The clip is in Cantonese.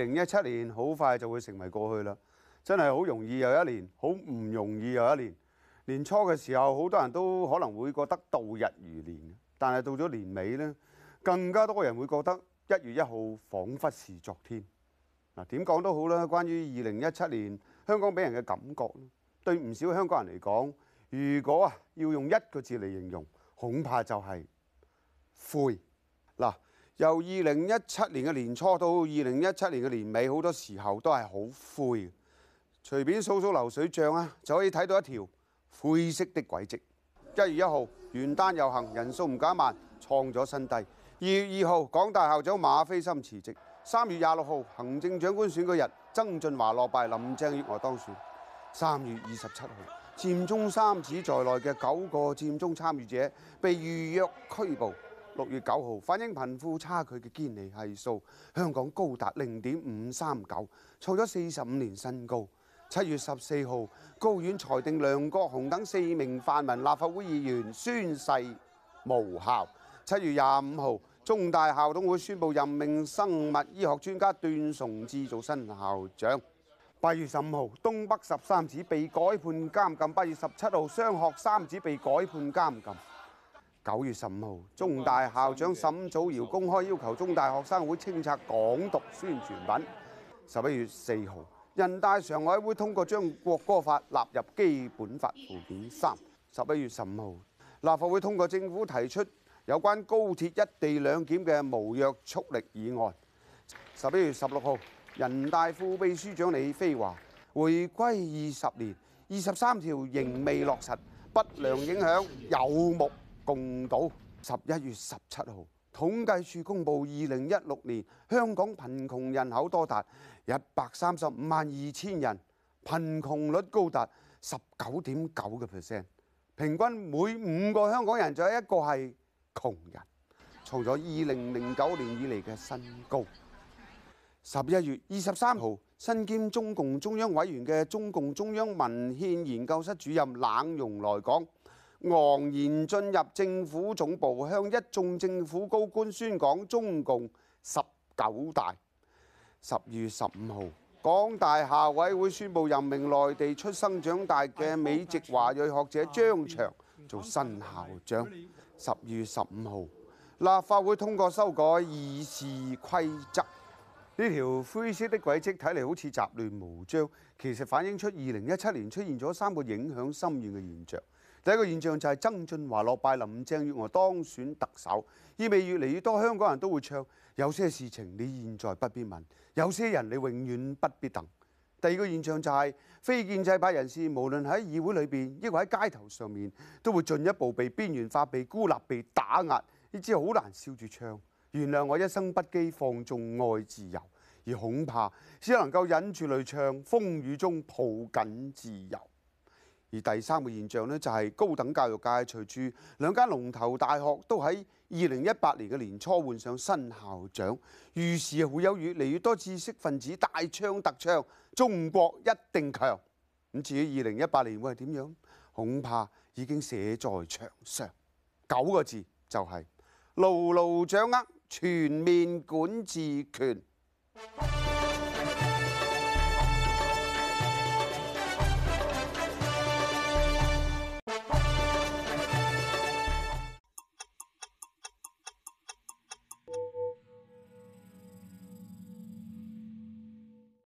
二零一七年好快就會成為過去啦，真係好容易又一年，好唔容易又一年。年初嘅時候，好多人都可能會覺得度日如年，但係到咗年尾呢，更加多人會覺得一月一號仿佛是昨天。嗱，點講都好啦，關於二零一七年香港俾人嘅感覺，對唔少香港人嚟講，如果啊要用一個字嚟形容，恐怕就係灰嗱。由二零一七年嘅年初到二零一七年嘅年尾，好多時候都係好灰。隨便掃掃流水帳啊，就可以睇到一條灰色的軌跡。一月一號，元旦遊行人數唔加萬，創咗新低。二月二號，港大校長馬斐森辭職。三月廿六號，行政長官選舉日，曾俊華落敗，林鄭月娥當選。三月二十七號，佔中三子在內嘅九個佔中參與者被預約拘捕。六月九號，反映貧富差距嘅堅尼係數，香港高達零點五三九，創咗四十五年新高。七月十四號，高院裁定梁國雄等四名泛民立法會議員宣誓無效。七月廿五號，中大校董會宣布任命生物醫學專家段崇智做新校長。八月十五號，東北十三子被改判監禁。八月十七號，雙學三子被改判監禁。九月十五號，中大校長沈祖堯公開要求中大學生會清拆港獨宣傳品。十一月四號，人大常委會通過將國歌法納入基本法附件三。十一月十五號，立法會通過政府提出有關高鐵一地兩檢嘅無約束力議案。十一月十六號，人大副秘書長李飛話：回歸二十年，二十三條仍未落實，不良影響有目共到十一月十七號，統計處公佈二零一六年香港貧窮人口多達一百三十五萬二千人，貧窮率高達十九點九個 percent，平均每五個香港人就有一個係窮人，創咗二零零九年以嚟嘅新高。十一月二十三號，身兼中共中央委員嘅中共中央文獻研究室主任冷溶來港。昂然進入政府總部，向一眾政府高官宣講中共十九大。十二月十五號，港大校委會宣布任命內地出生長大嘅美籍華裔學者張翔做新校長。十二月十五號，立法會通過修改議事規則。呢條灰色的軌跡睇嚟好似雜亂無章，其實反映出二零一七年出現咗三個影響深遠嘅現象。第一個現象就係曾俊華落敗，林鄭月娥當選特首，意味越嚟越多香港人都會唱：有些事情你現在不必問，有些人你永遠不必等。第二個現象就係非建制派人士，無論喺議會裏邊，亦或喺街頭上面，都會進一步被邊緣化、被孤立、被打壓，呢支好難笑住唱。原諒我一生不羈放縱愛自由，而恐怕只能夠忍住淚唱，風雨中抱緊自由。而第三個現象呢就係高等教育界隨住兩間龍頭大學都喺二零一八年嘅年初換上新校長，於是啊會有越嚟越多知識分子大唱特唱中國一定強。咁至於二零一八年會係點樣，恐怕已經寫在牆上，九個字就係牢牢掌握全面管治權。